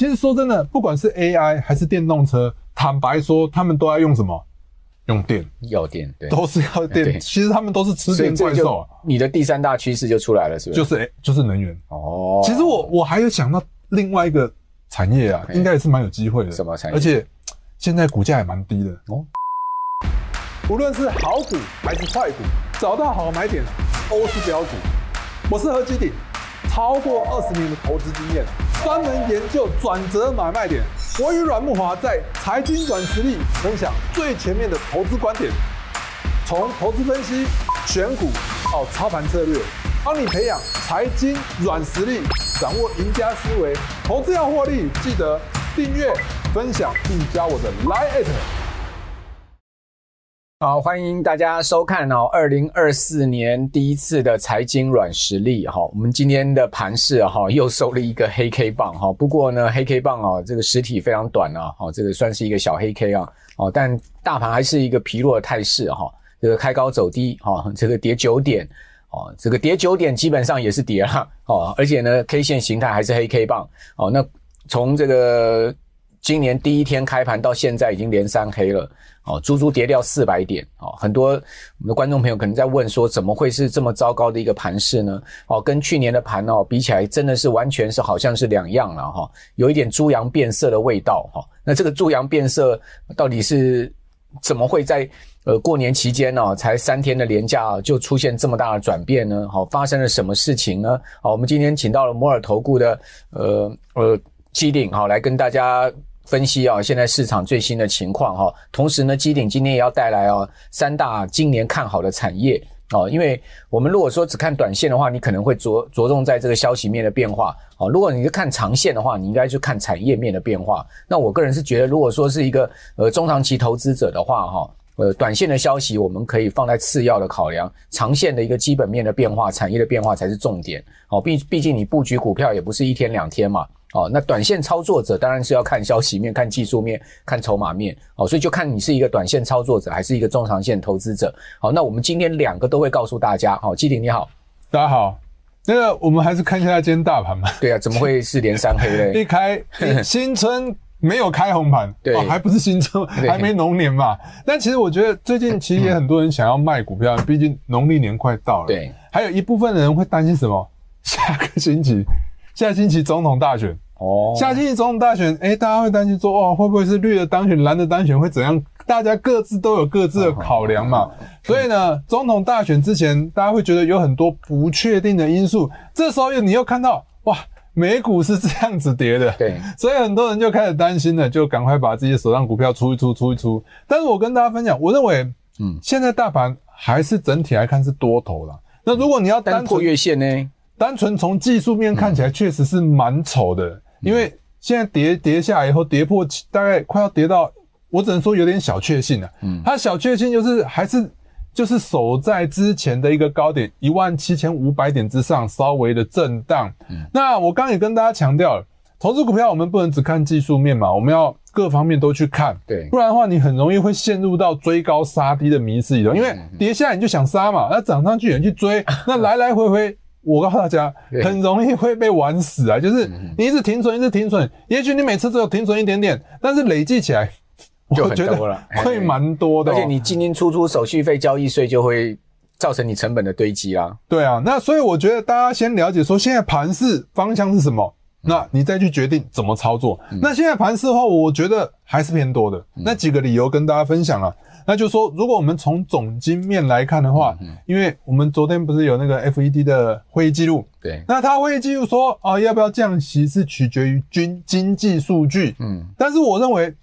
其實說真的，不管是 AI 還是電動車，坦白說，他們都要用什麼？用電，要電，對，都是要電。對其實他們都是吃電怪獸。你的第三大趨勢就出來了，是不是？就是哎、欸，就是能源。哦，其實我我還有想到另外一個產業啊，嘿應該也是蠻有機會的。什麼產業？而且現在股價也蠻低的。哦。無論是好股還是壞股，找到好買點都是標準。我是何基鼎，超過二十年的投資經驗。專門研究轉折買賣點，我與阮慕華在財經阮實力分享最前面的投資觀點，從投資分析選股到操盤策略，幫你培養財經軟實力，掌握贏家思維。投資要獲利，記得訂閱、分享並加我的 Line@。好，歡迎大家收看哦、啊，二零二四年第一次的財經軟實力哈、哦。我們今天的盤勢哈、啊、又收了一個黑 K 棒哈、哦，不過呢黑 K 棒啊這個實體非常短啊，哈、哦、這個算是一個小黑 K 啊，好、哦，但大盤還是一個疲弱的態勢哈、哦，這個開高走低哈、哦，這個跌九點，哦這個跌九點基本上也是跌了哦，而且呢 K 線形態還是黑 K 棒好、哦，那從這個今年第一天開盤到現在已經連三黑了。哦，豬豬跌掉四百點哦，很多我們的觀眾朋友可能在問說，怎麼會是這麼糟糕的一個盤勢呢？哦，跟去年的盤哦比起來，真的是完全是好像是兩樣了哈、哦，有一點豬羊變色的味道哈、哦。那這個豬羊變色到底是怎麼會在呃過年期間呢、哦？才三天的連假就出現這麼大的轉變呢？好、哦，發生了什麼事情呢？好、哦，我們今天請到了摩爾投顧的呃呃基鼎好來跟大家。分析啊、哦，現在市場最新的情況哈、哦。同時呢，基鼎今天也要帶來哦三大今年看好的產業哦。因為我們如果說只看短線的話，你可能會着着重在這個消息面的變化哦。如果你是看長線的話，你應該去看產業面的變化。那我個人是覺得，如果說是一個呃中長期投資者的話哈。哦呃，短線的消息我們可以放在次要的考量，長線的一個基本面的變化、產業的變化才是重點。哦，畢畢竟你布局股票也不是一天兩天嘛。哦，那短線操作者當然是要看消息面、看技術面、看籌碼面。哦，所以就看你是一個短線操作者還是一個中長線投資者。好、哦，那我們今天兩個都會告訴大家。哦，基鼎你好，大家好。那個、我們還是看一下今天大盤吧。對啊，怎麼會是連三黑嘞？ 一開新春。沒有開紅盤，對、哦，還不是新春，還沒龍年嘛。對但其實我覺得最近其實也很多人想要賣股票，嗯、畢竟農曆年快到了。對，還有一部分的人會擔心什麼？下個星期，下星期總統大選。哦，下星期總統大選，誒，大家會擔心說，哇、哦，會不會是綠的當選，藍的當選會怎樣？大家各自都有各自的考量嘛。哦嗯、所以呢，總統大選之前，大家會覺得有很多不確定的因素。這時候你又看到，哇。美股是這樣子跌的，對，所以很多人就開始擔心了，就趕快把自己手上股票出一出，出一出。但是我跟大家分享，我認為，嗯，現在大盤還是整體來看是多頭了。那如果你要單純月線呢？單純從技術面看起來，確實是蠻醜的，因為現在跌跌下來以後，跌破大概快要跌到，我只能說有點小確幸了。嗯，它小確幸就是還是。就是守在之前的一個高點一萬七千五百點之上，稍微的震盪。嗯、那我剛也跟大家強調了，投資股票我們不能只看技術面嘛，我們要各方面都去看。對不然的話你很容易會陷入到追高殺低的迷思裡頭，因為跌下來你就想殺嘛，那漲、嗯哼啊、上去也去追，嗯、那來來回回， 我告訴大家，很容易會被玩死啊。對就是你一直停損，一直停損，也許你每次只有停損一點點，但是累計起來。就我覺得了，會蠻多的、喔嘿嘿，而且你進進出出手續費、交易稅就會造成你成本的堆積啊。對啊，那所以我覺得大家先了解說現在盤勢方向是什麼？嗯、那你再去決定怎麼操作。嗯、那現在盤勢的話，我覺得還是偏多的。嗯、那幾個理由跟大家分享了、啊，嗯、那就是說，如果我們從總經面來看的話，嗯嗯因為我們昨天不是有那個 FED 的會議記錄，對，那他會議記錄說啊，要不要降息是取決於軍經濟數據，嗯，但是我認為。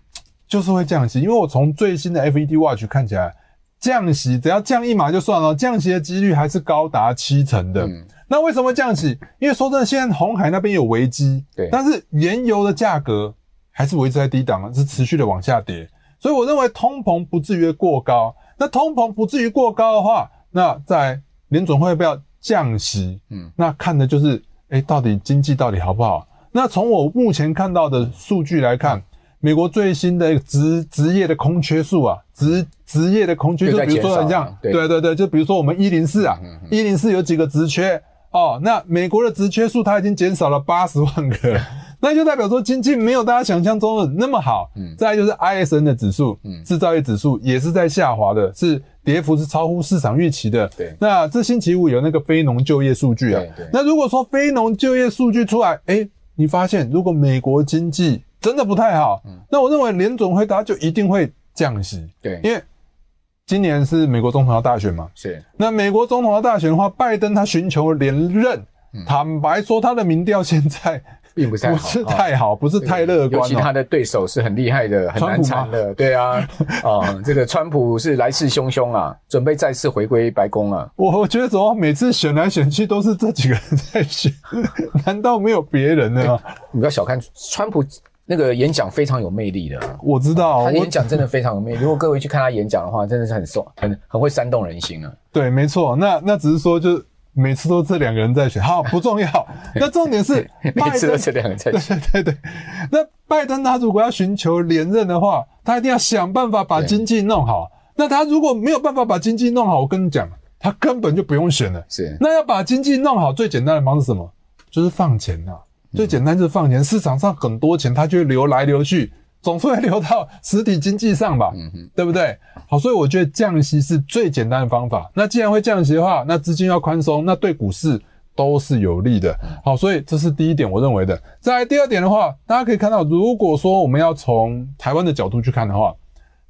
就是會降息，因為我從最新的 F E D Watch 看起來，降息只要降一碼就算了，降息的幾率還是高達七成的。嗯、那為什麼會降息？因為說真的，現在紅海那邊有危機，對但是原油的價格還是維持在低檔，是持續的往下跌。所以我認為通膨不至於過高。那通膨不至於過高的話，那在聯總會不要降息？嗯，那看的就是，哎、欸，到底經濟到底好不好？那從我目前看到的數據來看。美國最新的職職業的空缺數啊，職職業的空缺，就比如說你講，對對對，就比如說我們一零四啊，一零四有幾個職缺哦、喔，那美國的職缺數它已經減少了八十萬個，那就代表說經濟沒有大家想象中的那麼好。再來就是 ISN 的指數，製造業指數也是在下滑的，是跌幅是超乎市場預期的。那這星期五有那個非農就業數據啊，那如果說非農就業數據出來、欸，誒你發現如果美國經濟。真的不太好。嗯，那我認為聯準會答就一定會降息。對，因為今年是美國總統大選嘛。是。那美國總統大選的話，拜登他尋求連任，坦白說他的民調現在並不是不是太好，不是太樂觀。尤其他的對手是很厲害的，很難纏的。對啊，啊，這個川普是來勢洶洶啊，準備再次回歸白宮啊。我覺得怎麼每次選來選去都是這幾個人在選，難道沒有別人呢？你不要小看川普。那個演講非常有魅力的、啊，我知道、哦、他演講真的非常有魅力。我如果各位去看他演講的話，真的是很爽，很很會煽動人心啊。對，沒錯。那那只是說，就是每次都這兩個人在選，好不重要。 對那重點是每次都這兩個人在選。對對對。那拜登他如果要尋求連任的話，他一定要想辦法把經濟弄好。對那他如果沒有辦法把經濟弄好，我跟你講，他根本就不用選了。是。那要把經濟弄好，最簡單的方法是什麼？就是放錢吶、啊。最簡單就是放錢，市場上很多錢，它就會流來流去，總是會流到實體經濟上吧，對不對？好，所以我覺得降息是最簡單的方法。那既然會降息的話，那資金要寬鬆，那對股市都是有利的。好，所以這是第一點，我認為的。再來第二點的話，大家可以看到，如果說我們要從台灣的角度去看的話，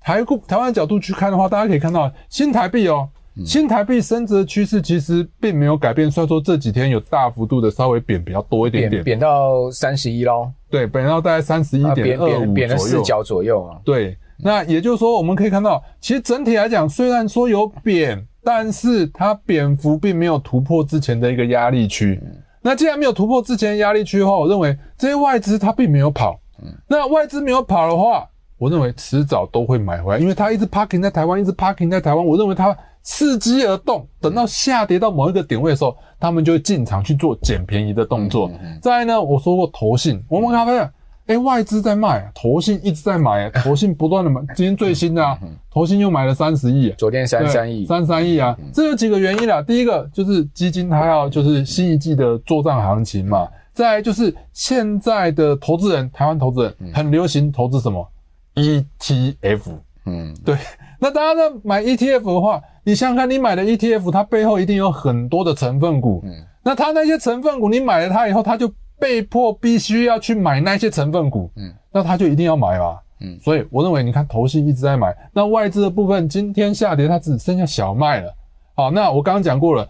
台股台灣的角度去看的話，大家可以看到新台幣哦、喔。新台幣升值的趨勢其實並沒有改變，雖然說這幾天有大幅度的稍微貶比較多一點點，貶到三十一嘍。對，貶到大概三十一點二五，貶了四角左右啊。對，那也就是說我們可以看到，其實整體來講，雖然說有貶，但是它貶幅並沒有突破之前的一個壓力區。嗯，那既然沒有突破之前壓力區的話，我認為這些外資它並沒有跑。嗯，那外資沒有跑的話，我認為遲早都會買回來，因為它一直 parking 在台灣，一直 parking 在台灣，我認為它。伺機而動，等到下跌到某一個點位的時候，他們就進場去做撿便宜的動作。嗯嗯嗯、再來呢，我說過投信，我們看發現，嗯、誒外資在賣啊，投信一直在買，嗯、投信不斷的買，今天最新的啊，嗯嗯嗯、投信又買了三十億、啊，昨天三三億，三三億啊，嗯嗯、這有幾個原因啦。第一個就是基金它要就是新一季的做賬行情嘛，嗯嗯、再來就是現在的投資人，台灣投資人、嗯、很流行投資什麼 ETF，嗯，對，那大家在買 ETF 的話。你想想看，你買的 ETF，它背後一定有很多的成分股。嗯，那它那些成分股，你買了它以後，它就被迫必須要去買那些成分股。嗯，那它就一定要買吧。嗯，所以我認為，你看，投信一直在買，那外資的部分今天下跌，它只剩下小賣了。好，那我剛剛講過了，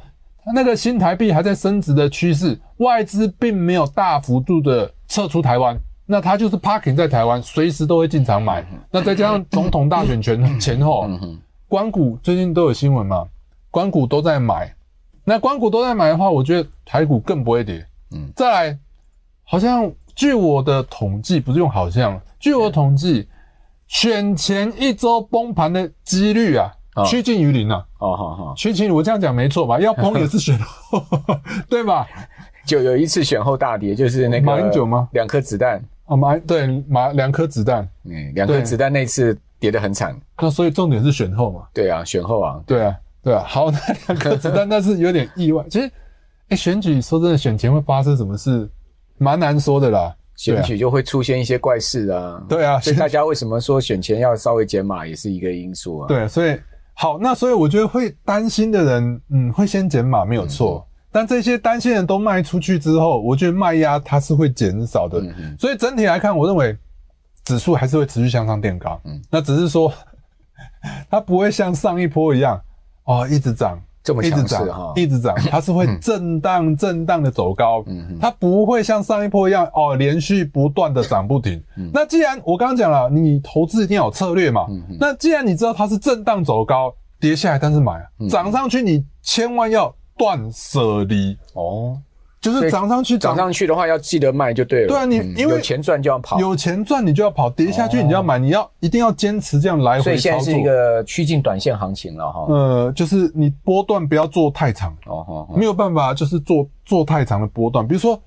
那個新台幣還在升值的趨勢，外資並沒有大幅度的撤出台灣，那它就是 parking 在台灣，隨時都會進場買。那再加上總統大選前後、嗯、哼前後。官股最近都有新聞嘛？官股都在買，那官股都在買的話，我覺得台股更不會跌。嗯，再來，好像據我的統計，不是用好像，據我的統計，嗯、選前一周崩盤的幾率啊，趨、哦、近於零啊哦。哦，好好好，趨近於零，我這樣講沒錯吧？要崩也是選後， 對吧？就有一次選後大跌，就是那個馬英九嗎？兩顆子彈啊，馬對馬兩顆子彈，嗯，兩顆子彈那次。跌得很慘，那所以重點是選後嘛？對啊，選後啊，對，對啊，對啊。好，那兩個字 但那是有點意外。其實，哎、欸，選舉說真的，選前會發生什麼事，蠻難說的啦。啊、選舉就會出現一些怪事啊。對啊，所以大家為什麼說選前要稍微減碼，也是一個因素啊。對啊，所以好，那所以我覺得會擔心的人，嗯，會先減碼沒有錯。嗯、但這些擔心人都賣出去之後，我覺得賣壓它是會減少的。嗯嗯，所以整體來看，我認為。指數還是會持續向上墊高，嗯，那只是說，它不會像上一波一樣，哦，一直漲，這麼強勢、啊、一直漲，一直漲，嗯、它是會震盪、震盪的走高，嗯哼，它不會像上一波一樣，哦，連續不斷的漲不停。嗯、那既然我剛剛講了，你投資一定要有策略嘛，嗯、哼那既然你知道它是震盪走高，跌下來但是買，漲上去你千萬要斷捨離哦。就是漲上去，漲上去的話要記得賣就對了。對啊，你因為有錢賺就要跑，有錢賺你就要跑，跌下去你就要買，你要一定要堅持這樣來回操作。所以現在是一個趨近短線行情了哈。呃、嗯，就是你波段不要做太長，哦哦哦、沒有辦法，就是做做太長的波段。比如說，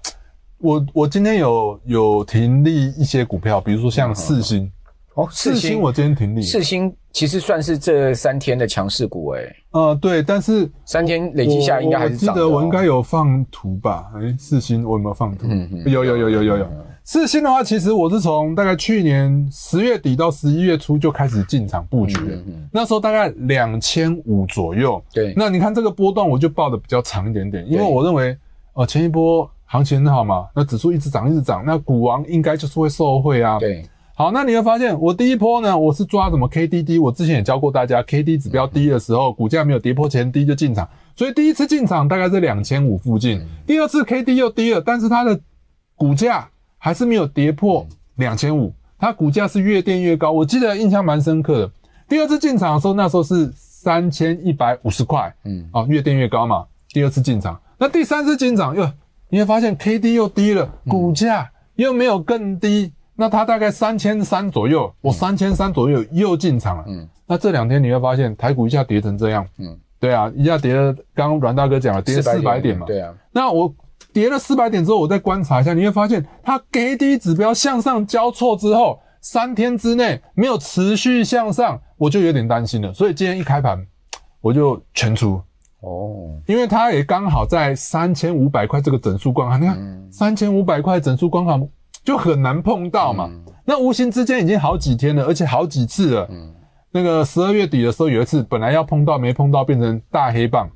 我我今天有有停利一些股票，比如說像四星。哦哦哦，四星，四星我今天停利，四星其實算是這三天的強勢股誒、欸、嗯、呃，對，但是三天累計下應該還是、哦、我記得我應該有放圖吧？哎、欸，四星我有沒有放圖？嗯、哼有，有有有有有有。嗯、哼四星的話，其實我是從大概去年十月底到十一月初就開始進場布局，嗯、哼那時候大概兩千五左右。對、嗯哼，那你看這個波段，我就抱得比較長一點點，對因為我認為，呃，前一波行情很好嘛，那指數一直漲，一直漲，那股王應該就是會受惠啊。對。好，那你會發現，我第一波呢，我是抓什麼 KDD，我之前也教過大家，KD 指標低的時候，股價沒有跌破前低就進場，所以第一次進場大概是兩千五附近，第二次 KD 又低了，但是它的股價還是沒有跌破兩千五，它股價是越墊越高，我記得印象蠻深刻的，第二次進場的時候，那時候是三千一百五十塊，嗯，啊，越墊越高嘛，第二次進場，那第三次進場喲，你會發現 KD 又低了，股價又沒有更低。那它大概三千三左右，我、哦嗯、三千三左右又進場了。嗯，那這兩天你會發現台股一下跌成這樣。嗯，對啊，一下跌了，剛阮大哥講了，跌400四百點嘛。對啊，那我跌了四百點之後，我再觀察一下，你會發現它給 D 指標向上交錯之後，三天之內沒有持續向上，我就有點擔心了。所以今天一開盤我就全出。哦，因為它也剛好在三千五百塊這個整數關卡。你看三千五百塊整數關卡，就很難碰到嘛，嗯、那無形之間已經好幾天了，而且好幾次了。嗯，那個十二月底的時候有一次，本來要碰到沒碰到，變成大黑棒。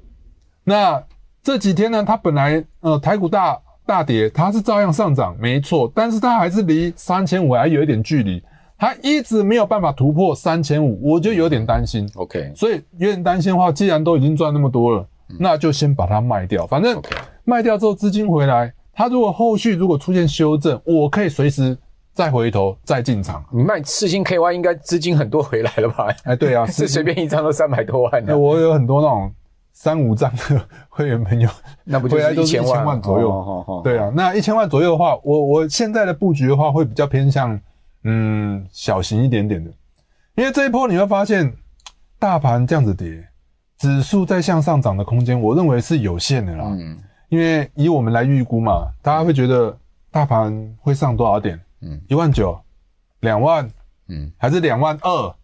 那這幾天呢，它本來呃台股大大跌，它是照樣上漲，沒錯。但是它還是離三千五還有一點距離，它一直沒有辦法突破三千五，我就有點擔心。OK，所以有點擔心的話，既然都已經賺那麼多了，嗯、那就先把它賣掉，反正賣掉之後資金回來。他如果後續如果出現修正，我可以隨時再回頭再進場。嗯、你賣四星 KY 應該資金很多回來了吧？哎，對啊，是隨 星便一張都三百多萬那、啊、我有很多那種三五張的會員朋友，那不就是一千萬，回來都是一千萬左右？哦哦哦、對啊，那一千萬左右的話，我我現在的布局的話會比較偏向嗯小型一點點的，因為這一波你會發現大盤這樣子跌，指數在向上漲的空間，我認為是有限的啦。嗯。因為以我們來預估嘛，大家會覺得大盤會上多少點？嗯，一萬九，兩萬，嗯，還是兩萬二？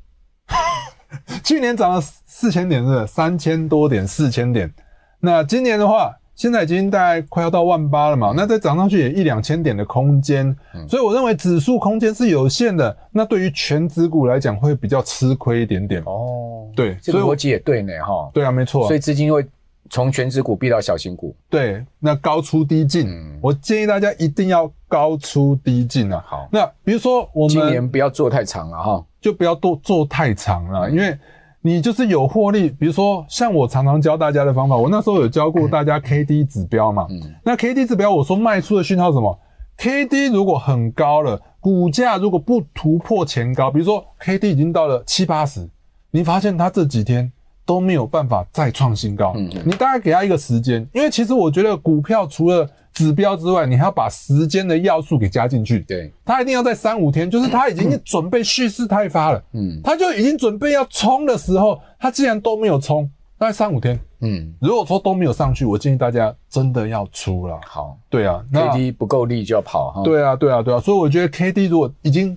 去年漲了四千點是三千多點，四千點。那今年的話，現在已經大概快要到萬八了嘛。嗯、那再漲上去也一兩千點的空間。嗯、所以我認為指數空間是有限的。那對於權值股來講，會比較吃虧一點點。哦，對，所以我這邏輯也對呢，哈。對啊，沒錯、啊。所以資金會。從權值股逼到小型股，對，那高出低進，嗯、我建議大家一定要高出低進啊。好，那比如說我們今年不要做太長了哈，就不要做太長了，嗯、因為你就是有獲利，比如說像我常常教大家的方法，我那時候有教過大家 K D 指標嘛，嗯、那 K D 指標我說賣出的訊號是什麼？K D 如果很高了，股價如果不突破前高，比如說 K D 已經到了七八十，你發現它這幾天，都沒有辦法再創新高。嗯，嗯，你大概給他一個時間，因為其實我覺得股票除了指標之外，你還要把時間的要素給加進去。對，它一定要在三五天，就是它已經準備蓄勢待發了。嗯，它就已經準備要衝的時候，它既然都沒有衝，那三五天，嗯，如果說都沒有上去，我建議大家真的要出了。好，對啊那，K D 不夠力就要跑對啊。對啊，對啊，對啊，所以我覺得 K D 如果已經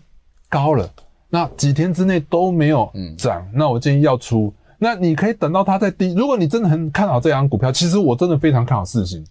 高了，那幾天之內都沒有漲，嗯，那我建議要出。那你可以等到它再低。如果你真的很看好這檔股票，其實我真的非常看好世芯。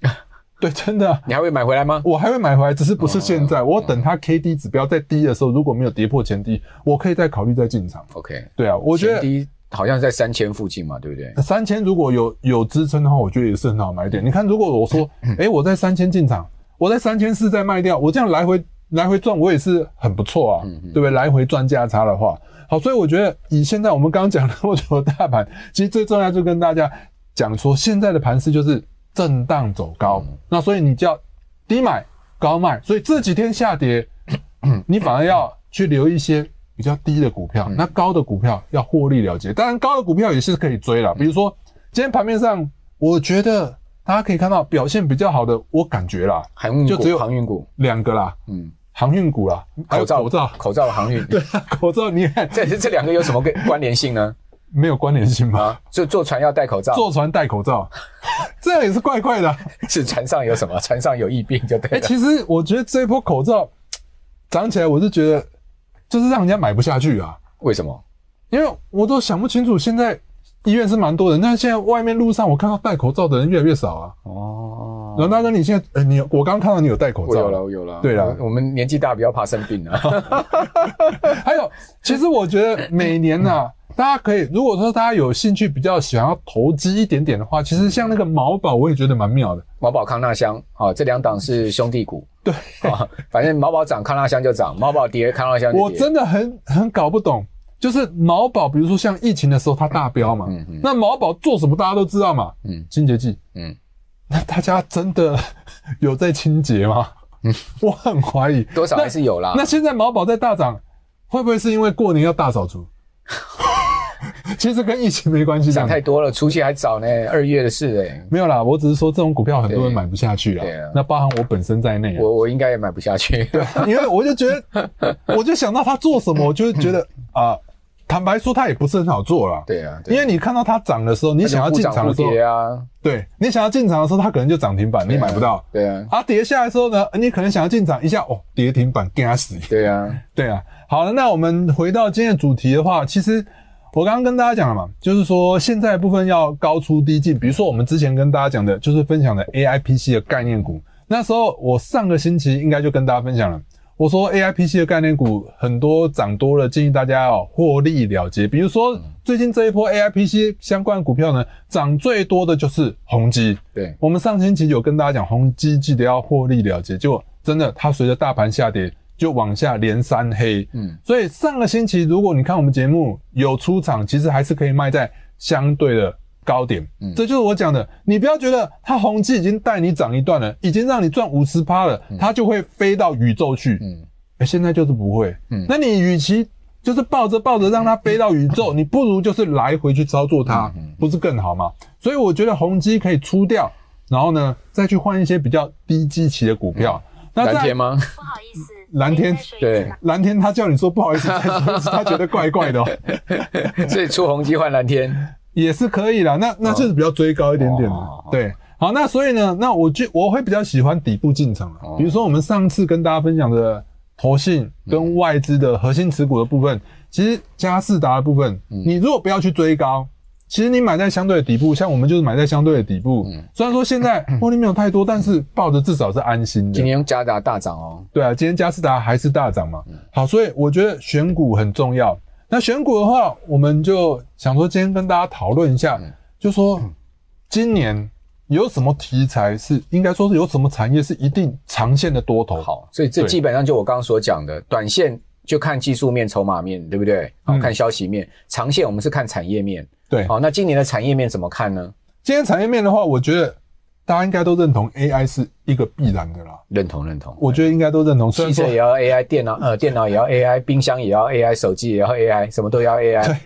對，真的。你還會買回來嗎？我還會買回來，只是不是現在。我等它 K D 指標再低的時候，如果沒有跌破前低，我可以再考慮再進場。OK。對啊，我覺得前低好像在三千附近嘛，對不對？三千如果有有支撐的話，我覺得也是很好買點。你看，如果我說，哎，我在三千進場，我在三千四再賣掉，我這樣來回來回賺，我也是很不錯啊，對不對？來回賺價差的話。好，所以我覺得以現在我們剛剛講了那麼多大盤，其實最重要就跟大家講說，現在的盤勢就是震盪走高，嗯、那所以你就要低買高賣，所以這幾天下跌，咳咳咳你反而要去留一些比較低的股票，嗯、那高的股票要獲利了結。當然高的股票也是可以追啦，比如說今天盤面上，我覺得大家可以看到表現比較好的，我感覺啦，就只有航運股兩個啦，嗯。航運股啦、啊，口罩口罩口罩的航運，對口罩，你看這這兩個有什麼關關聯性呢？ 沒有關聯性嗎、啊？就坐船要戴口罩，坐船戴口罩， 這樣也是怪怪的。 是船上有什麼？船上有疫病就對了。哎、欸，其實我覺得這一波口罩漲起來，我是覺得就是讓人家買不下去啊。為什麼？因為我都想不清楚現在。醫院是蠻多的，但現在外面路上我看到戴口罩的人越來越少啊。哦，阮大哥，你現在呃，欸、你我剛看到你有戴口罩了，我有了，我有了。對啦了，我們年紀大，比較怕生病啊。 還有，其實我覺得每年吶、啊，嗯、大家可以，如果說大家有興趣，比較想要投資一點點的話，嗯、其實像那個毛寶，我也覺得蠻妙的。毛寶康那香，啊、哦，這兩檔是兄弟股。對啊、哦，反正毛寶漲，康那香就漲；毛寶跌，跌，康那香跌。我真的很很搞不懂。就是毛寶，比如說像疫情的時候，它大飆嘛。那毛寶做什麼，大家都知道嘛。嗯。清潔劑。嗯。那大家真的有在清潔嗎？嗯。我很懷疑。多少還是有啦。那現在毛寶在大漲，會不會是因為過年要大掃除？其實跟疫情沒關係。想太多了，除夕還早呢，二月的事哎。沒有啦，我只是說這種股票很多人買不下去了。那包含我本身在內。我我應該也買不下去。對。因為我就覺得，我就想到它做什麼，我就覺得啊。坦白說，它也不是很好做了，啊。對啊，因為你看到它漲的時候，不不啊，你想要進場的時候，對，你想要進場的時候，它可能就漲停板，啊，你買不到。對啊，而，啊啊，跌下來的時候呢，你可能想要進場一下，哦，跌停板，驚死。對啊，對啊。好了，那我們回到今天的主題的話，其實我剛剛跟大家講了嘛，就是說現在的部分要高出低進，比如說我們之前跟大家講的，就是分享的 AIPC 的概念股，那時候我上個星期應該就跟大家分享了。我說 A I P C 的概念股很多漲多了，建議大家要、哦、獲利了結。比如說最近這一波 A I P C 相關股票呢，漲最多的就是宏碁。對，我們上星期有跟大家講，宏碁記得要獲利了結。結果真的，它隨着大盤下跌就往下連三黑。嗯，所以上個星期如果你看我們節目有出場，其實還是可以賣在相對的高點，嗯，這就是我講的，你不要覺得它宏基已經帶你漲一段了，已經讓你賺五十趴了，它就會飛到宇宙去，嗯，哎，現在就是不會，嗯，那你與其就是抱着抱着讓它飛到宇宙，你不如就是來回去操作它，不是更好嗎？所以我覺得宏基可以出掉，然後呢再去換一些比較低基期的股票。藍天嗎？不好意思，藍天對，藍天，他叫你說不好意思，他覺得怪怪的哦，所以出宏基換藍天。也是可以啦，那那就是比較追高一點點的，哦哦哦，對，好，那所以呢，那我就我會比較喜歡底部進場，哦，比如說我們上次跟大家分享的投信跟外資的核心持股的部分，嗯，其實佳世達的部分，嗯，你如果不要去追高，其實你買在相對的底部，像我們就是買在相對的底部。嗯，雖然說現在獲利，嗯，沒有太多，但是抱着至少是安心的。今天用佳世達大漲哦，對啊，今天佳世達還是大漲嘛。好，所以我覺得選股很重要。那選股的話，我們就想說，今天跟大家討論一下，嗯、就說今年有什麼題材是應該說是有什麼產業是一定長線的多頭好，所以這基本上就我剛剛所講的，對短線就看技術面、籌碼面對不對？好看消息面，嗯、長線我們是看產業面，對，好，那今年的產業面怎麼看呢？今年產業面的話，我覺得。大家應該都認同 AI 是一個必然的啦。認同認同。我覺得應該都認同，汽車也要 AI，電腦呃，電腦也要 AI，冰箱也要 AI，手機也要 AI，什麼都要 AI。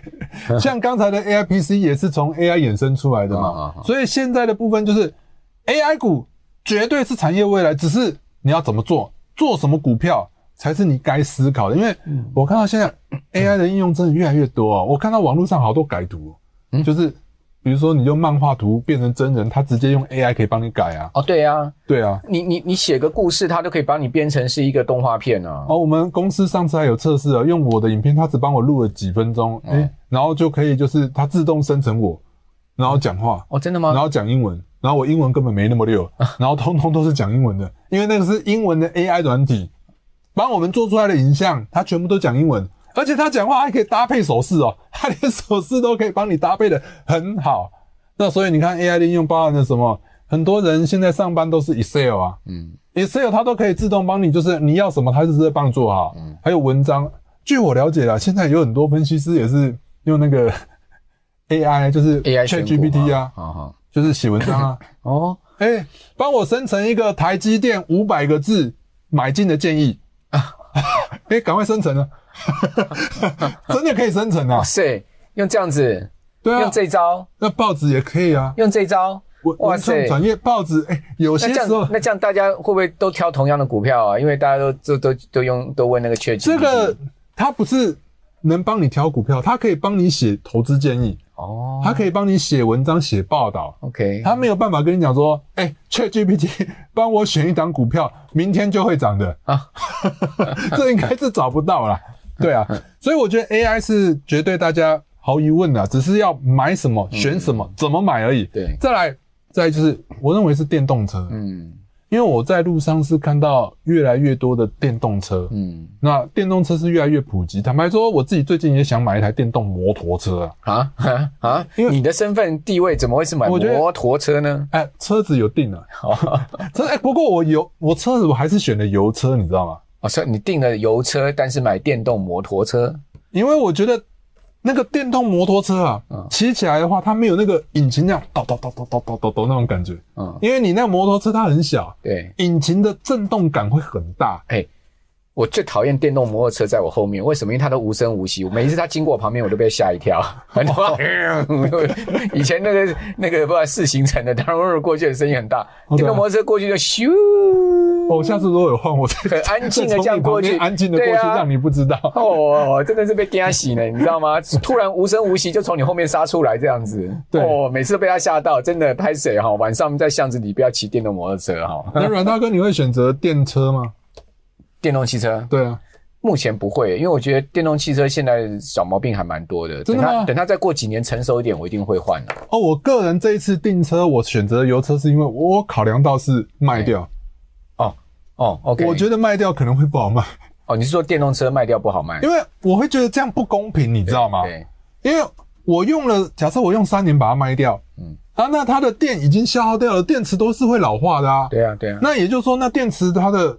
對，像剛才的 AI PC 也是從 AI 衍生出來的嘛，所以現在的部分就是 AI 股絕對是產業未來，只是你要怎麼做，做什麼股票才是你該思考的。因為我看到現在 AI 的應用真的越來越多啊，我看到網絡上好多改圖，就是。比如說，你用漫畫圖變成真人，他直接用 AI 可以幫你改啊。哦，對啊，對啊，你你你寫個故事，他都可以幫你變成是一個動畫片啊。哦，我們公司上次還有測試啊，用我的影片，他只幫我錄了幾分鐘，哎、嗯欸，然後就可以就是它自動生成我，然後講話。哦，真的嗎？然後講英文，然後我英文根本沒那麼溜，然後通通都是講英文的， 因為那個是英文的 AI 軟體，幫我們做出來的影像，它全部都講英文。而且他講話還可以搭配手勢哦，他連手勢都可以幫你搭配得很好。那所以你看 AI 的應用包含的什麼？很多人現在上班都是 Excel 啊，嗯，Excel 它都可以自動幫你，就是你要什麼它就是在幫助哈，嗯。還有文章，據我了解啦，現在有很多分析師也是用那個 AI，就是 ChatGPT 啊，啊哈，哈，就是寫文章啊。哦，哎、欸，幫我生成一個台積電五百個字買進的建議啊！哎、 欸，趕快生成了。哈哈哈真的可以生成啊！是用這樣子，對啊，用這一招，那報紙也可以啊，用這一招。我文哇塞，專業報紙，哎、欸，有些時候那這，那這樣大家會不會都挑同樣的股票啊？因為大家都都都都用都問那個 ChatGPT。這個他不是能幫你挑股票，他可以幫你寫投資建議哦，他可以幫你寫文章寫導、寫報道。OK，他沒有辦法跟你講說、欸、，ChatGPT，幫我選一檔股票，明天就會漲的啊。哈哈哈這應該是找不到啦 對啊，所以我覺得 AI 是絕對大家毫無疑問的，只是要買什麼、選什麼、怎麼買而已。對，再來，再來，就是我認為是電動車。嗯，因為我在路上是看到越來越多的電動車。嗯，那電動車是越來越普及。坦白說，我自己最近也想買一台電動摩托車啊啊啊。因為你的身份地位怎麼會是買摩托車呢？哎，車子有定了。真的哎，不過我油我車子我還是選了油車，你知道嗎？哦，所以你訂了油車，但是買電動摩托車，因為我覺得那個電動摩托車啊，嗯，騎起來的話，它沒有那個引擎那樣咚咚咚咚咚咚咚咚那種感覺，嗯，因為你那摩托車它很小，對，引擎的震動感會很大，哎。我最討厭電動摩托車在我後面，為什麼？因為它都無聲無息。每一次它經過我旁邊，我都被嚇一跳。哦啊、 以前那個那個不是四行程的，它偶爾過去的聲音很大。電動摩托車過去就咻。我、哦、下次如果有換我，很安靜的這樣過去， 安靜的過去對，啊、讓你不知道。哦，真的是被驚醒了，你知道嗎？ 突然無聲無息就從你後面殺出來這樣子。對。哦，每次都被他嚇到，真的拍謝哈，晚上在巷子裡不要騎電動摩托車哈。那阮大哥，你會選擇電車嗎？電動汽車？對啊，目前不會，因為我覺得電動汽車現在小毛病還蠻多的。真的嗎？等它等它再過幾年成熟一點，我一定會換的、啊。哦，我個人這一次訂車，我選擇油車，是因為我考量到是賣掉。哦、欸、哦，哦 okay、我覺得賣掉可能會不好賣。哦，你是說電動車賣掉不好賣？因為我會覺得這樣不公平，你知道嗎？對，對。因為我用了，假設我用三年把它賣掉，嗯，啊，那它的電已經消耗掉了，電池都是會老化的。啊。對啊，對啊。那也就是說，那電池它的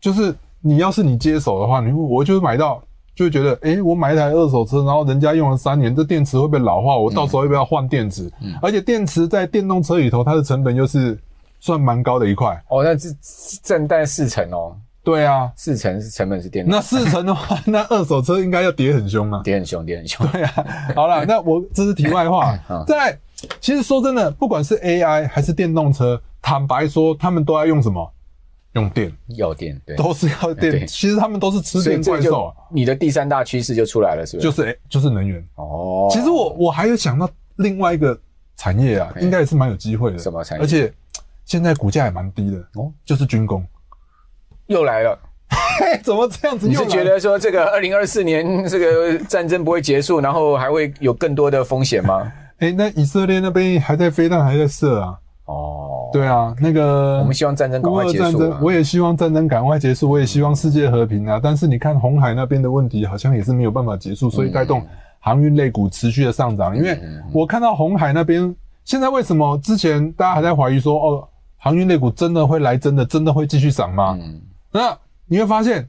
就是。你要是你接手的話，你我就買到就會覺得，哎、欸，我買一台二手車，然後人家用了三年，這電池會不會老化？我到時候會不會要不要換電池？嗯，嗯，而且電池在電動車裡頭，它的成本又是算蠻高的一塊。哦，那是占在四成哦。對啊，四成是成本是電池。那四成的話，那二手車應該要跌很凶嗎、啊？跌很凶，跌很凶。對啊，好了，那我這是題外話。在 好，其實說真的，不管是 AI 還是電動車，坦白說，他們都要用什麼？用電、要電，對，都是要電。對其實他們都是吃電怪獸、啊。你的第三大趨勢就出來了，是不是？就是、欸，就是能源。哦，其實我我還有想到另外一個產業啊，欸、應該也是蠻有機會的。什麼產業？而且現在股價也蠻低的哦。就是軍工，又來了。 怎麼這樣子又來了？你是覺得說這個二零二四年這個戰爭不會結束，然後還會有更多的風險嗎？誒、欸、那以色列那邊還在飛彈還在射啊。哦，對啊，那個我們希望戰爭趕快結束。我也希望戰爭趕快結束，我也希望世界和平啊。嗯、但是你看紅海那邊的問題好像也是沒有辦法結束，所以帶動航運類股持續的上漲。因為我看到紅海那邊現在為什麼之前大家還在懷疑說，哦，航運類股真的會來真的，真的會繼續漲嗎？嗯、那你會發現。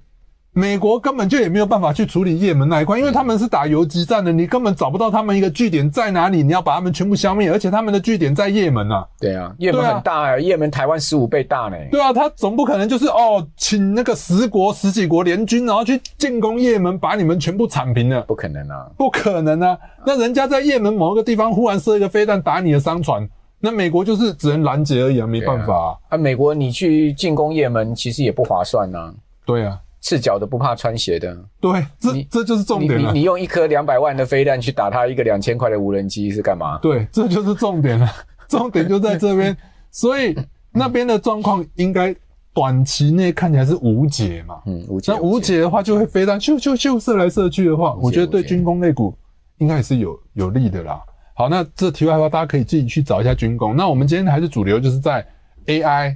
美國根本就也沒有辦法去處理也門那一塊，因為他們是打游擊戰的，你根本找不到他們一個據點在哪裡，你要把他們全部消滅，而且他們的據點在也門啊。對啊，也門很大，欸，也門台灣十五倍大呢，欸。對啊，他總不可能就是哦，請那個十國，十幾國聯軍，然後去進攻也門，把你們全部鏟平了？不可能啊，不可能啊！那人家在也門某一個地方忽然射一個飛彈打你的商船，那美國就是只能攔截而已啊，沒辦法啊。啊啊美國你去進攻也門，其實也不划算啊。對啊。赤腳的不怕穿鞋的，對，這你這就是重點了。你，你，你用一顆兩百萬的飛彈去打他一個兩千塊的無人機是幹嘛？對，這就是重點了， 重點就在這邊。所以那邊的狀況應該短期內看起來是無解嘛。嗯，無解，無解。那無解的話，就會飛彈咻、咻咻咻射來射去的話，無解、無解，我覺得對軍工類股應該也是有有利的啦。好，那這題外的話，大家可以自己去找一下軍工。那我們今天還是主流，就是在 AI、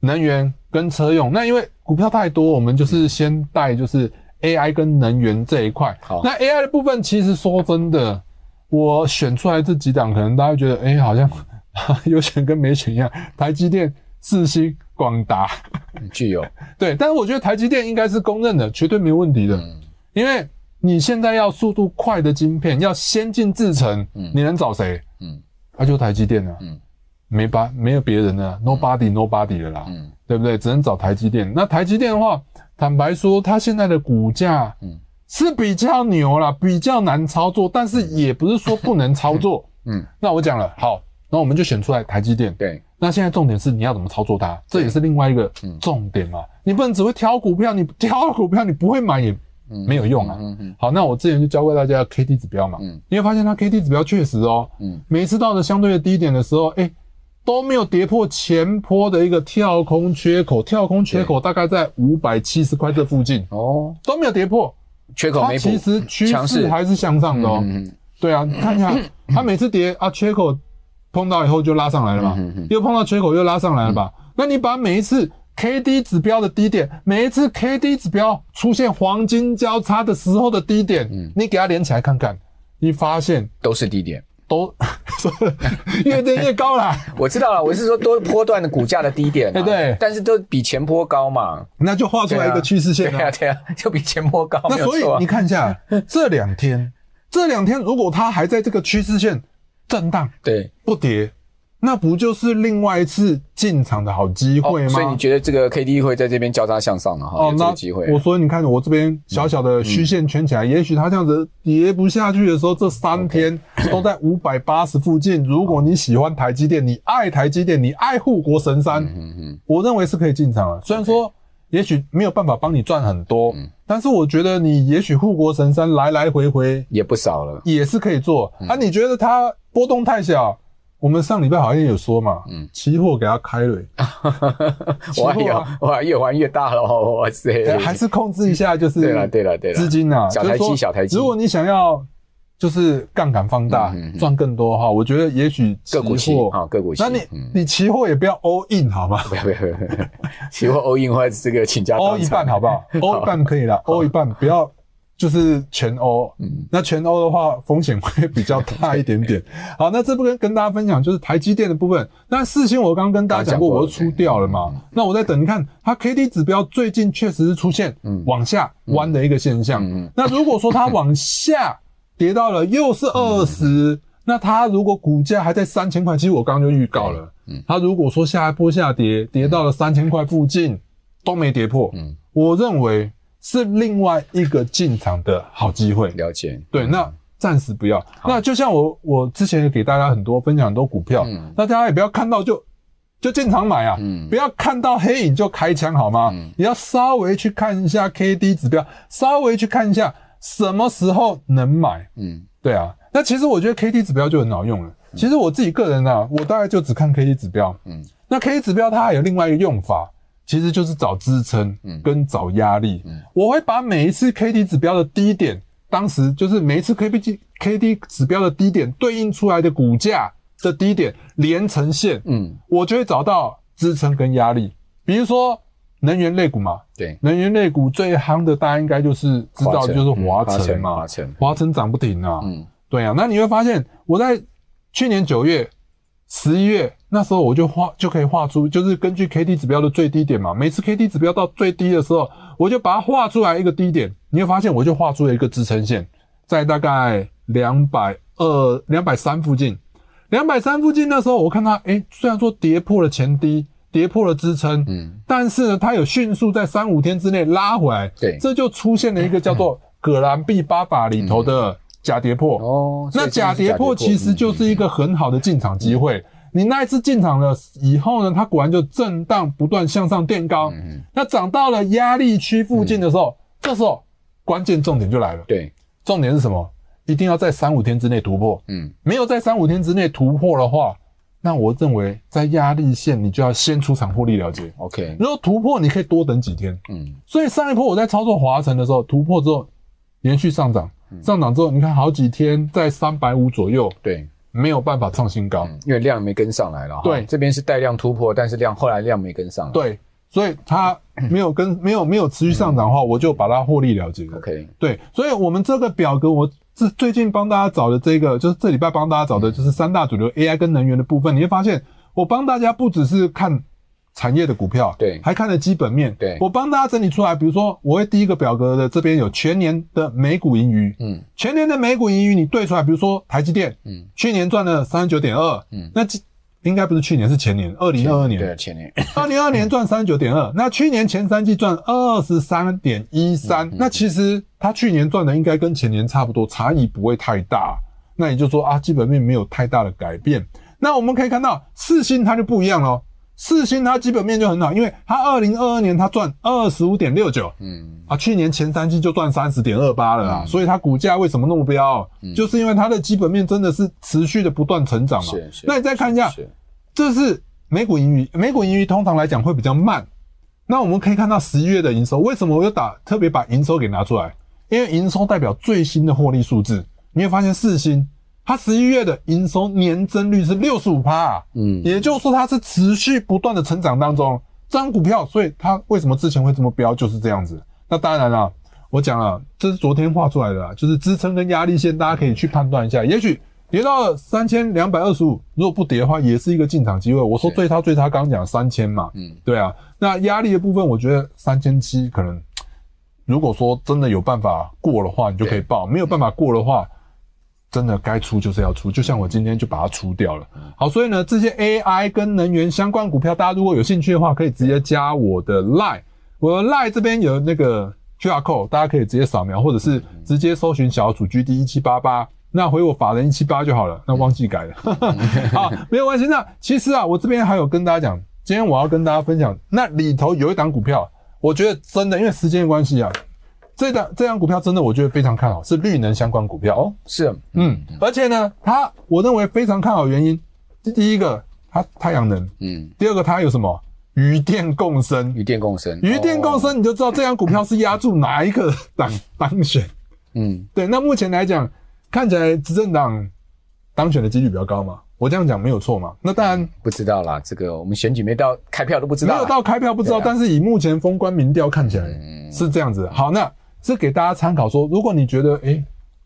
能源。跟車用，那因為股票太多，我們就是先帶就是 AI 跟能源這一塊、嗯。好，那 AI 的部分其實說真的，我選出來這幾檔，可能大家會覺得誒、欸、好像有選跟沒選一樣。台積電、四息、廣達，具有對，但是我覺得台積電應該是公認的，絕對沒問題的。嗯、因為你現在要速度快的晶片，要先進製程，你能找誰？嗯，它、啊、就台積電了。嗯。沒巴沒有別人的，nobody nobody 了啦，嗯，對不對？只能找台積電。那台積電的話，坦白說，它現在的股價，嗯，是比較牛啦，比較難操作，但是也不是說不能操作，嗯。那我講了，好，那我們就選出來台積電。對，那現在重點是你要怎麼操作它，這也是另外一個重點嘛。你不能只會挑股票，你挑股票你不會買也沒有用啊。好，那我之前就教過大家 KD 指標嘛，嗯，你會發現它 KD 指標確實哦，嗯，每一次到的相對的低點的時候，哎。都沒有跌破前波的一個跳空缺口，跳空缺口大概在五百七十塊這附近哦，對都沒有跌破缺口沒破，其實趨勢強勢 還是向上的哦、喔。嗯哼嗯哼對啊，你看一下，它每次跌啊缺口碰到以後就拉上來了嘛，嗯哼嗯哼又碰到缺口又拉上來了吧？嗯哼嗯哼那你把每一次 K D 指標的低點，每一次 K D 指標出現黃金交叉的時候的低點，嗯、你給它連起來看看，你發現都是低點。都說， 越跌越高了， 我知道了。我是說多波段的股價的低點、啊，哎 對,對，但是都比前波高嘛，那就畫出來一個趨勢線、啊、對呀、啊、對呀、啊，啊、就比前波高。啊、 那所以你看一下這兩天，這兩天如果它還在這個趨勢線震盪，對，不跌。那不就是另外一次進場的好機會嗎，哦？所以你覺得這個 KD 會在這邊交叉向上的哈？哦，那機會。我說，你看我這邊小小的虛線圈起來，嗯、也許它這樣子跌不下去的時候，這三天都在五百八十附近。哦、如果你喜歡台積電，哦、電，你愛台積電，你愛護國神山，嗯嗯，我認為是可以進場的。雖然說也許沒有辦法幫你賺很多，嗯、但是我覺得你也許護國神山來來回回也不少了，也是可以做。嗯、啊，你覺得它波動太小？我們上禮拜好像有說嘛，嗯，期貨給他開了，玩有玩越玩越大了，哇塞！還是控制一下，就是對了對了對了，資金吶，小台指小台指。如果你想要就是槓桿放大賺更多哈，我覺得也許期貨啊個股，那你你期貨也不要 all in 好嗎？不要不要不要，期貨 all in 或是這個，請加 all 一半好不好？all 一半可以了，all 一半不要。就是全歐，嗯，那全歐的話風險會比較大一點點。好，那這部分跟大家分享就是台積電的部分。那四星我剛剛跟大家講過，我都出掉了嘛。了欸嗯、那我再等一看，你看它 K D 指標最近確實是出現往下彎的一個現象。嗯嗯、那如果說它往下跌到了又是二十、嗯，嗯、那它如果股價還在三千塊，其實我剛剛就預告了，它如果說下一波下跌跌到了三千塊附近都沒跌破，嗯，我認為。是另外一個進場的好機會，了解。對，那暫時不要。嗯、那就像我，我之前也給大家很多分享很多股票，好嗯，那大家也不要看到就就進場買啊，嗯，不要看到黑影就開槍好嗎？嗯，你要稍微去看一下 K D 指標，稍微去看一下什麼時候能買，嗯，對啊。那其實我覺得 K D 指標就很好用了。其實我自己個人呢、啊，我大概就只看 K D 指標，嗯，那 K D 指標它還有另外一個用法。其實就是找支撐，嗯，嗯，跟找壓力，嗯，我會把每一次 K D 指標的低點，當時就是每一次 K B K D 指標的低點對應出來的股價的低點連成線，嗯，我就會找到支撐跟壓力。比如說能源類股嘛，對，能源類股最夯的，大家應該就是知道的就是華城嘛，華城漲不停啊，嗯，對啊，那你會發現我在去年九月、十一月，那時候我就畫就可以畫出，就是根據 K D 指標的最低點嘛。每次 K D 指標到最低的時候，我就把它畫出來一個低點。你會發現，我就畫出了一個支撐線，在大概兩百二、兩百三附近。兩百三附近那時候，我看它，誒、欸、雖然說跌破了前低，跌破了支撐，嗯，但是呢，它有迅速在三五天之內拉回來。對，這就出現了一個叫做葛蘭碧八法裡頭的假跌破。嗯、哦，那假跌破其實就是一個很好的進場機會。嗯嗯你那一次進場了以後呢，它果然就震盪不斷向上墊高。嗯，那漲到了壓力區附近的時候，這時候關鍵重點就來了。對，重點是什麼？一定要在三五天之內突破。嗯，沒有在三五天之內突破的話，那我認為在壓力線你就要先出場獲利了結。OK，如果突破你可以多等幾天。嗯，所以上一波我在操作華城的時候突破之後，連續上漲，上漲之後你看好幾天在三百五左右。對。沒有辦法創新高，嗯，因為量沒跟上來了。對哈，這邊是帶量突破，但是量後來量沒跟上。對，所以它沒有跟、嗯、沒有沒有持續上漲的話，嗯、我就把它獲利了結 OK、嗯、對，所以我們這個表格我，我這最近幫大家找的這個，就是這禮拜幫大家找的，就是三大主流、嗯、AI 跟能源的部分，你會發現我幫大家不只是看。產業的股票，對，還看了基本面。對，我幫大家整理出來，比如說，我會第一個表格的這邊有全年的每股盈餘，嗯，全年的每股盈餘你對出來，比如說台積電，嗯，去年賺了三十九點二，嗯，那應該不是去年，是前年，二零二二年，對，前年，二零二二年賺三十九點二，那去年前三季賺二十三點一三，嗯、那其實他去年賺的應該跟前年差不多，差異不會太大，那也就是說啊，基本面沒有太大的改變，那我們可以看到四星它就不一樣了。四星它基本面就很好，因為它二零二二年它賺二十五點六九，嗯啊，去年前三季就賺三十點二八了啊，嗯、所以它股價為什麼那麼飆？嗯、就是因為它的基本面真的是持續的不斷成長嘛。那你再看一下，是是是這是每股盈餘，每股盈餘通常來講會比較慢。那我們可以看到十一月的營收，為什麼我又打特別把營收給拿出來？因為營收代表最新的獲利數字，你會發現四星。它十一月的營收年增率是六十五趴，嗯、啊，也就是說它是持續不斷的成長當中，這張股票，所以它為什麼之前會這麼飆，就是這樣子。那當然了、啊，我講了，這是昨天畫出來的，就是支撐跟壓力線，大家可以去判斷一下。也許跌到了三千兩百二十五，如果不跌的話，也是一個進場機會。我說最差，最差，剛講三千嘛，嗯，對啊。那壓力的部分，我覺得三千七可能，如果說真的有辦法過的話，你就可以報；沒有辦法過的話。真的該出就是要出，就像我今天就把它出掉了。好，所以呢，這些 AI 跟能源相關股票，大家如果有興趣的話，可以直接加我的 Line，我的 Line 這邊有那個 QR code，大家可以直接掃描，或者是直接搜尋小組 GD 一七八八，那回我法人一七八就好了。那忘記改了， 好，沒有關係。那其實啊，我這邊還有跟大家講，今天我要跟大家分享那裡頭有一檔股票，我覺得真的，因為時間關係啊。這檔這檔股票真的，我覺得非常看好，是綠能相關股票哦。是，嗯，而且呢，它我認為非常看好原因，第一個它太陽能，嗯，第二個它有什麼漁電共生，漁電共生，漁電共生，你就知道這檔股票是押注哪一個黨當選。嗯，對。那目前來講，看起來執政黨當選的幾率比較高嘛？我這樣講沒有錯嘛？那當然不知道啦，這個我們選舉沒到開票都不知道，沒有到開票不知道，但是以目前封關民調看起來是這樣子。好，那。這給大家參考，說如果你覺得誒、欸、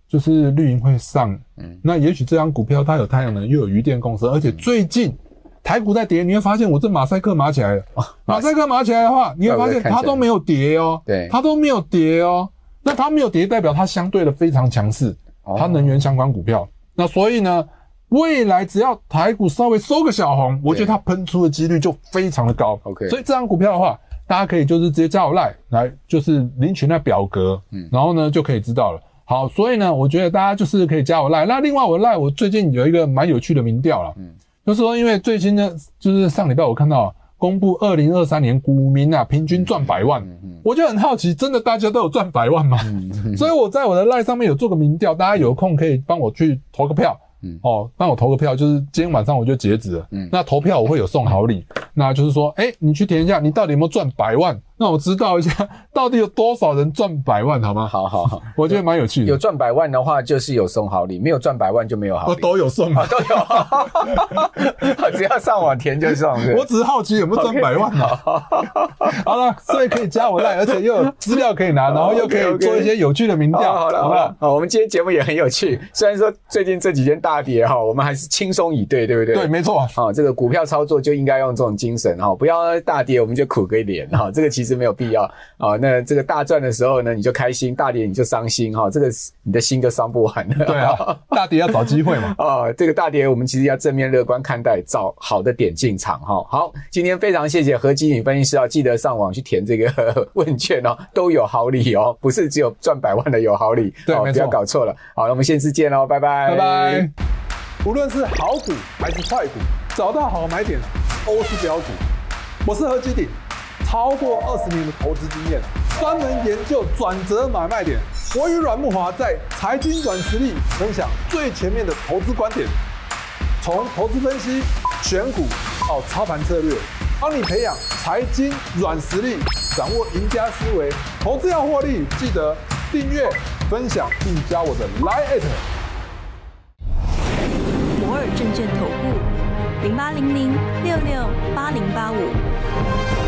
就是綠營會上，嗯，那也許這張股票它有太陽能，又有漁電共生，而且最近台股在跌，你會發現我這馬賽克碼起來了。馬賽克碼起來的話，你會發現它都沒有跌哦，它都沒有跌哦，那它沒有跌代表它相對的非常強勢，它能源相關股票。那所以呢，未來只要台股稍微收個小紅，我覺得它噴出的幾率就非常的高。所以這張股票的話。大家可以就是直接加我賴來，就是領取那表格。然後呢，就可以知道了。好，所以呢，我覺得大家就是可以加我賴。那另外我賴，我最近有一個蠻有趣的民調了，嗯、就是說因為最近呢，就是上禮拜我看到公布二零二三年股民啊平均賺百萬，嗯、哼哼哼，我就很好奇，真的大家都有賺百萬嗎？嗯、哼哼，所以我在我的賴上面有做個民調，大家有空可以幫我去投個票。嗯哦，那我投個票，就是今天晚上我就截止了。嗯，那投票我會有送好禮，那就是說，哎、欸，你去填一下，你到底有沒有賺百萬？那我知道一下，到底有多少人賺百萬，好嗎？好好好，我覺得蠻有趣的。有賺百萬的話，就是有送好禮；沒有賺百萬就沒有好禮。我都有送、哦，都有。 只要上網填就上。我只是好奇有沒有賺百萬啊？Okay, 好了，所以可以加我賴， 而且又有資料可以拿，然後又可以做一些有趣的民調、oh, okay , okay。好了好了，好，我們今天節目也很有趣。雖然說最近這幾天大跌哈，我們還是輕鬆以對，對不對？對，沒錯。啊，這個股票操作就應該用這種精神哈，不要大跌我們就苦個臉哈，這個其實。其實沒有必要啊、哦，那這個大賺的時候呢，你就開心；大跌你就傷心哈、哦，這個你的心都傷不完了。對啊，大跌要找機會嘛。啊、哦，這個大跌我們其實要正面樂觀看待，找好的點進場哈、哦。好，今天非常謝謝何基鼎分析師要、哦、記得上網去填這個問卷哦，都有好禮哦，不是只有賺百萬的有好禮，對，哦、錯不要搞錯了。好，那我們下次見嘍，拜拜，拜拜。無論是好股還是壞股，找到好買點都是標股。我是何基鼎。超過二十年的投資經驗，專門研究轉折買賣點。我與阮木華在財經阮實力分享最全面的投資觀點，從投資分析、選股到操盤策略，幫你培養財經阮實力，掌握贏家思維。投資要獲利，記得訂閱、分享並加我的 Line@ 摩爾證券投顧零八零零六六八零八五。